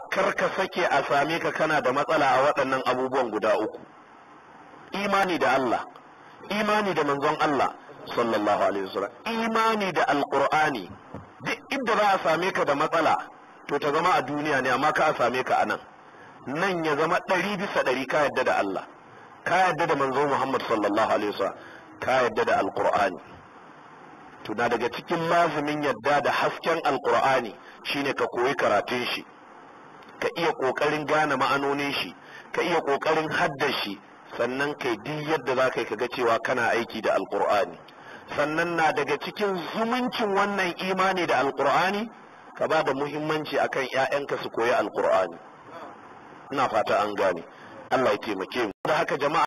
kar ka sake a same ka kana da matsala a waɗannan abubuwan guda uku imani da Allah imani da manzon Allah sallallahu alaihi wasallam imani da alqur'ani duk inda za a same ka da matsala to ta zama a duniya ne amma ka a same ka a nan nan ya zama ɗari bisa ɗari ka yadda da Allah ka yadda da manzon Muhammad sallallahu alaihi wasallam ka yadda da alqur'ani to na daga cikin lazumin yadda da hasken alqur'ani shine ka koyi karatun shi ka iya ƙoƙarin gane ma'anonin shi ka iya ƙoƙarin hadda shi sannan kai duk yadda za ka yi kaga cewa kana aiki da alkur'ani sannan na daga cikin zumuncin wannan imani da alkur'ani ka ba da muhimmanci akan 'ya'yanka su koyi alkur'ani ina fata an gane Allah ya taimake mu da haka jama'a